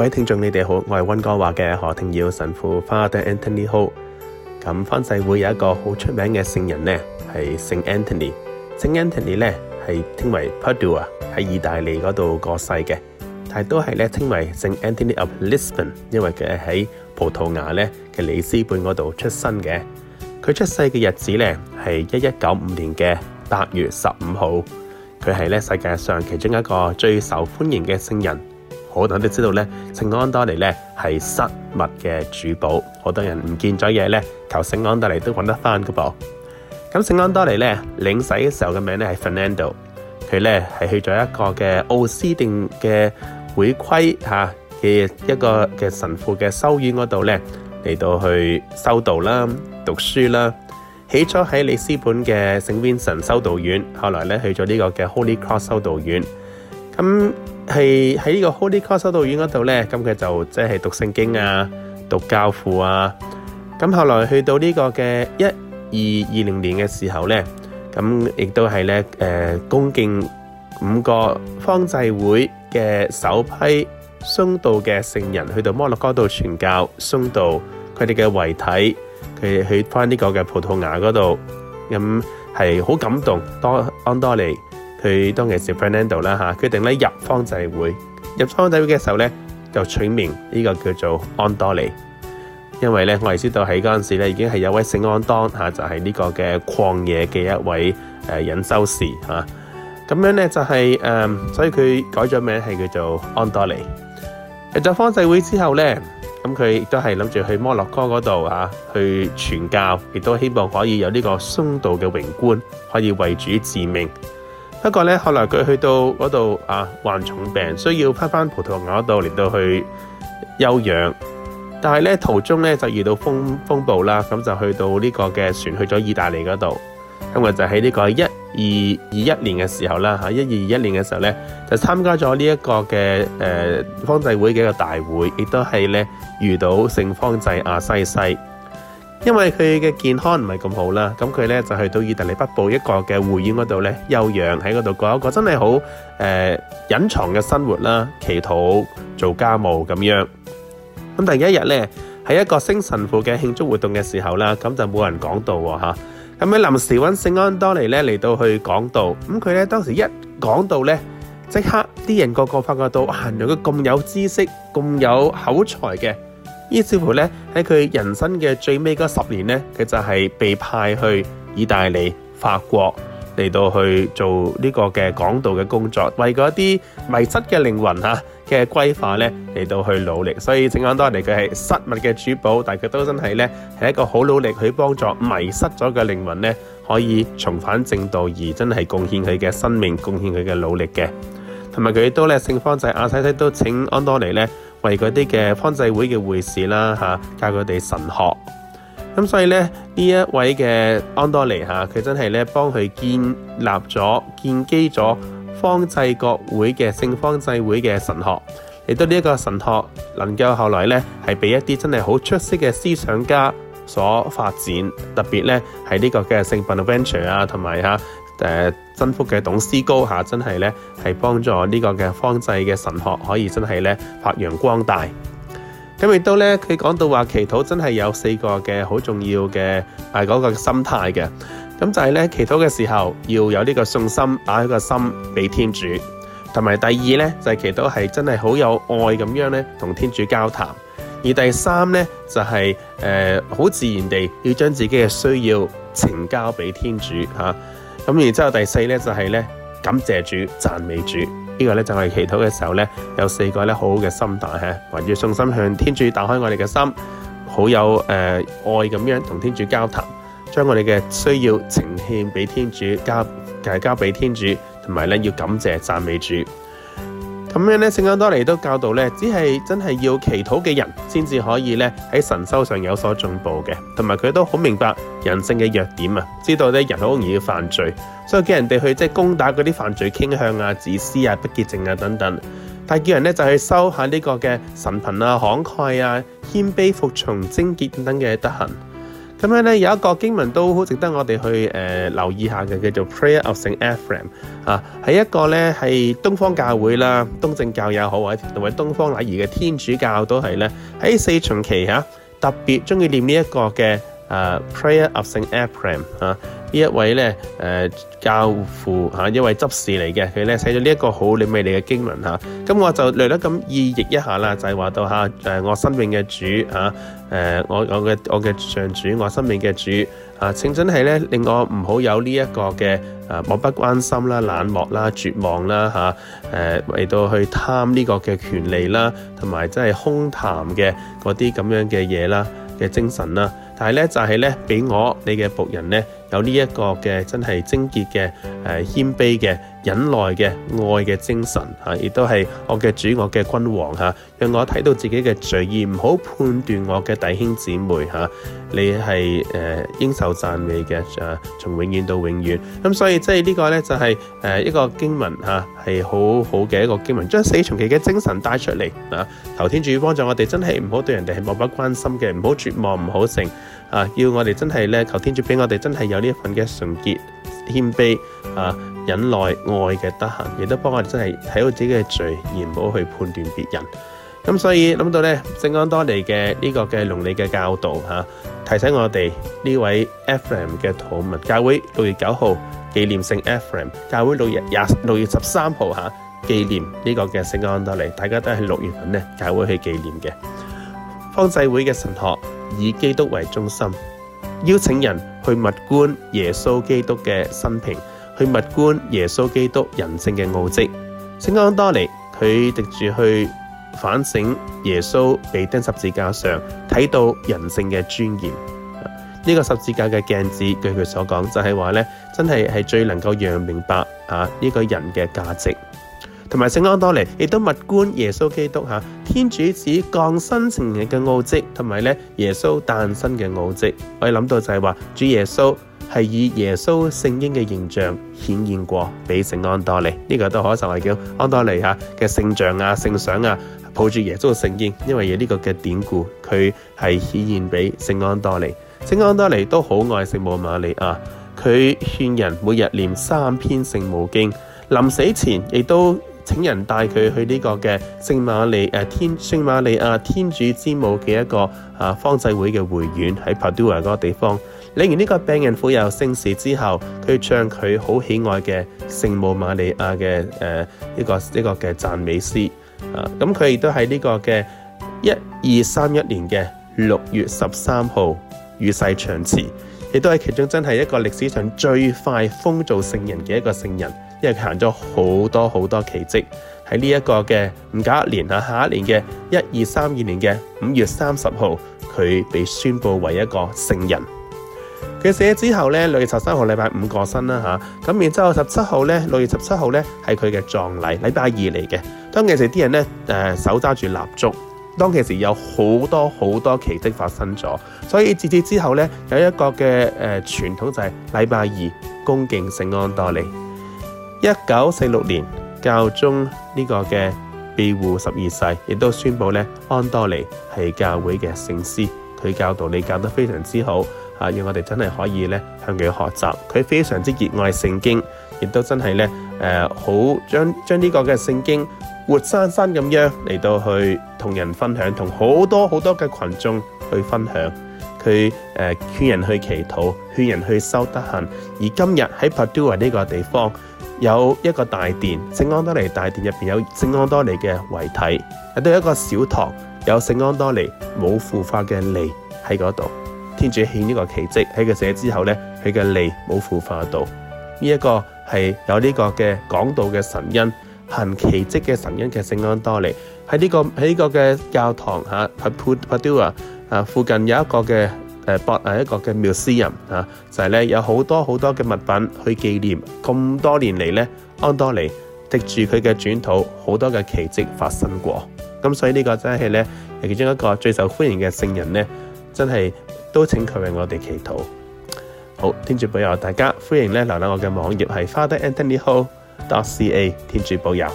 各位聽眾，你哋好，我係溫哥華嘅何庭耀神父 Father Anthony Ho。咁翻世會有一個好出名嘅聖人咧，係聖 Anthony。聖 Anthony 咧係稱為 Padua，喺意大利嗰度過世嘅，但係都係咧稱為聖 Anthony of Lisbon，因為佢係喺葡萄牙咧嘅里斯本嗰度出生嘅。佢出世嘅日子咧係一一九五年嘅八月十五號。佢係咧世界上其中一個最受歡迎嘅聖人。好多人都知道咧，聖安多尼咧係失物嘅主保，好多人唔見咗嘢咧，求聖安多尼都揾得翻噶噃。咁聖安多尼咧，領洗嘅時候嘅名咧係 Fernando，佢咧係去咗一個嘅奧斯定嘅會規嚇嘅一個嘅神父嘅修院嗰度咧嚟到去修道啦、讀書啦。起初喺里斯本嘅聖 Vincent 修道院，後來咧去咗呢個嘅 Holy Cross 修道院，咁。係喺呢個 Holy Cross 修道院嗰度咧，咁佢就即係讀聖經啊，讀教父啊。咁後來去到呢個嘅一、二、二零年嘅時候咧，咁亦都係咧，誒，恭敬五個方濟會嘅首批松道嘅聖人去到摩洛哥度傳教松道，佢哋嘅遺體佢去翻呢個嘅葡萄牙嗰度，咁係好感動多安多尼。佢當其時，Fernando 啦嚇，決定咧入方濟會。入方濟會嘅時候咧，就取名呢個叫做安多尼，因為咧我哋知道喺嗰陣時咧已經係有位聖安當嚇，就係呢個嘅曠野嘅一位誒隱修士嚇。咁樣咧就係誒，所以佢改咗名係叫做安多尼。入咗方濟會之後咧，咁佢亦都係諗住去摩洛哥嗰度嚇去傳教，亦都希望可以有呢個殉道嘅榮冠，可以為主致命。不過咧，後來佢去到嗰度啊，患重病，需要返返葡萄牙嗰度嚟到去休養。但係咧，途中咧就遇到風風暴啦，咁就去到呢個嘅船去咗意大利嗰度。咁啊，就喺呢個一二二一年嘅時候啦，嚇一二二一年嘅時候咧，就參加咗呢一個嘅誒、呃、方濟會嘅一個大會，亦都係咧遇到聖方濟亞西西。因為佢嘅健康唔係咁好啦，咁佢咧就去到意大利北部一個嘅會院嗰度咧休養，喺嗰度過一個真係好誒隱藏嘅生活啦，祈禱、做家務咁樣。咁第一日咧喺一個升神父嘅慶祝活動嘅時候啦，咁就冇人講道嚇。咁喺臨時揾聖安多尼咧嚟到去講道，咁佢咧當時一講道咧，即刻啲人個個發覺到，原來佢咁有知識、咁有口才嘅。於是乎咧喺佢人生嘅最尾嗰十年咧，佢就係被派去意大利、法國嚟到去做呢個嘅講道嘅工作，為嗰一啲迷失嘅靈魂嚇嘅歸化咧嚟到去努力。所以請安多尼佢係失物嘅主保，但係佢都真係咧係一個好努力去幫助迷失咗嘅靈魂咧可以重返正道，而真係貢獻佢嘅生命、貢獻佢嘅努力嘅。同埋佢都咧聖方濟亞西西都請安多尼咧。為嗰啲嘅方濟會嘅會士啦，吓教佢哋神學。咁所以咧呢一位嘅安多尼吓，佢真係咧幫佢建立咗、建基咗方濟各會嘅聖方濟會嘅神學。亦都呢一個神學，能夠後來咧係俾一啲真係好出色嘅思想家所發展，特別咧係呢個嘅聖 Bonaventure 啊，同埋吓。誒，真福嘅董思高吓真係咧係幫助呢個嘅方濟嘅神學可以真係咧發揚光大。咁亦都咧，佢講到話，啊，那個，祈禱真係有四個嘅好重要嘅、係嗰個心態嘅。咁就係咧，祈禱嘅時候要有呢個信心，打開個心俾天主。同埋第二咧，就係、是、祈禱係真係好有愛咁樣咧，同天主交談。而第三咧就係誒，好自然地要將自己嘅需要呈交俾天主嚇。啊咁然之後第四呢，就係呢感謝主讚美主，呢、這個呢，就係祈禱嘅時候呢，有四個呢，好好嘅心態吓，懷住信心向天主打開我哋嘅心，好有誒、呃、愛咁樣同天主交談，將我哋嘅需要呈獻俾天主交誒交俾天主，同埋呢要感謝讚美主。咁樣咧，聖安多尼都教導咧，只係真係要祈禱嘅人先至可以咧喺神修上有所進步嘅，同埋佢都好明白人性嘅弱點啊，知道咧人好容易犯罪，所以叫人哋去即攻打嗰啲犯罪傾向啊、自私啊、不潔淨啊等等，但係叫人咧就去修下呢個嘅神貧啊、慷慨啊、謙卑、服從、貞潔等等嘅德行。咁樣咧有一個經文都好值得我哋去誒留意下嘅，叫做《Prayer of St. Ephrem》啊，係一個咧係東方教會啦、東正教也好，或者同埋東方禮儀嘅天主教都係咧喺四旬期吓特別鍾意唸呢一個嘅誒《Prayer of St. Ephrem》啊。呢一位咧，誒、呃、教父嚇、啊、一位執事嚟嘅，佢咧寫咗呢一個好嚟美麗嘅經文嚇。咁、啊嗯、我就略得咁意譯一下啦，就係、是、話到嚇誒、啊、我生命嘅主嚇誒、啊、我我嘅我嘅上主，我生命嘅主啊，請真係咧令我唔好有呢一個嘅誒漠不關心啦、啊、冷漠啦、絕望啦嚇誒為到去貪呢個嘅權利啦，同埋真係空談嘅嗰啲咁樣嘅嘢啦嘅精神啦、啊。但係咧就係咧俾我你嘅僕人咧。有呢一個嘅真係精潔嘅誒、啊、謙卑嘅、忍耐嘅愛嘅精神，嚇、啊，亦都係我嘅主，我嘅君王，嚇、啊，讓我睇到自己嘅罪意，而唔好判斷我嘅弟兄姊妹，嚇、啊，你係誒、呃、應受讚美嘅，啊，從永遠到永遠。咁、嗯、所以即係、這個、呢個咧就係、是、誒、呃、一個經文，吓、啊、係好好嘅一個經文，將四旬期嘅精神帶出嚟，啊，求天主幫助我哋，真係唔好對人哋係漠不關心嘅，唔好絕望，唔好盛，啊，要我哋真係呢，求天主俾我哋真係有呢一份嘅純潔謙卑。啊！忍耐愛嘅德行，亦都幫我哋真係睇到自己嘅罪，而唔好去判斷別人。咁所以諗到咧，聖安多尼嘅呢個嘅倫理嘅教導吓、啊，提醒我哋呢位 Ephrem 嘅徒民教會六月九號紀念聖 Ephrem 教會六月廿六月十三號吓紀念呢個嘅聖安多尼，大家都係六月份呢教會去紀念嘅。方濟會嘅神學以基督為中心，邀請人去物觀耶穌基督嘅生平。去物觀耶穌基督人性嘅奧跡，聖安多尼佢滴住去反省耶穌被釘十字架上，睇到人性嘅尊嚴。呢、呢個十字架嘅鏡子，據佢所講，就係話呢真係係最能夠讓明白啊呢個人嘅價值。同埋聖安多尼亦都物觀耶穌基督嚇天主子降生成人嘅奧跡，同埋呢耶穌誕生嘅奧跡，我哋諗到就係話主耶穌。係以耶穌聖嬰嘅形象顯現過俾聖安多尼，呢、這個都可以成為叫安多尼嚇嘅聖像啊、聖像啊，抱住耶穌嘅聖嬰，因為有呢個嘅典故，佢係顯現俾聖安多尼。聖安多尼都好愛聖母瑪利亞，佢勸人每日念三篇聖母經，臨死前亦都請人帶佢去呢個嘅聖瑪利誒天聖瑪利亞天主之母嘅一個啊方濟會嘅會院喺 Padua 嗰個地方。領完呢個病人傅油聖事之後，佢唱佢好喜愛嘅聖母瑪利亞嘅誒呢個呢個嘅讚美詩啊。咁佢亦都喺呢個嘅一二三一年嘅六月十三號與世長辭，亦都係其中真係一個歷史上最快封做聖人嘅一個聖人，因為佢行咗好多好多奇蹟喺呢一個嘅唔夠一年啊，下一年嘅一二三二年嘅五月三十號，佢被宣布為一個聖人。佢死咗之後咧，六月十三號禮拜五過身啦吓，咁、啊、然之後十七號咧，六月十七號咧係佢嘅葬禮，禮拜二嚟嘅。當其時啲人咧，誒、呃、手揸住蠟燭，當其時有好多好多奇蹟發生咗，所以自此之後咧有一個嘅誒傳統就係禮拜二恭敬聖安多尼。一九四六年教宗呢個嘅庇護十二世亦都宣佈咧，安多尼係教會嘅聖師。佢教導你教得非常之好，嚇！要我哋真係可以咧向佢學習。佢非常之熱愛聖經，亦都真係咧誒好將將呢個嘅聖經活生生咁樣嚟到去同人分享，同好多好多嘅群眾去分享。佢誒勸人去祈禱，勸人去修德行。而今日喺帕多維呢個地方有一個大殿，聖安多尼大殿入邊有聖安多尼嘅遺體，亦都有一個小堂。.有聖安多尼冇腐化嘅利喺嗰度，天主獻呢個奇蹟喺佢寫之後呢，佢嘅利冇腐化到。呢一個係有呢個嘅講道嘅神恩，行奇蹟嘅神恩嘅聖安多尼喺呢個喺呢個嘅教堂在 Padua 附近有一個嘅誒博啊一個嘅 museum，就係有好多好多嘅物品去紀念咁多年嚟呢安多尼滴住佢嘅轉土，好多嘅奇蹟發生過。咁所以呢個真係咧，係其中一個最受歡迎嘅聖人呢，真係都請佢為我哋祈禱。好，天主保佑大家，歡迎呢，瀏覽我嘅網頁，係 fatheranthonyho.ca，天主保佑。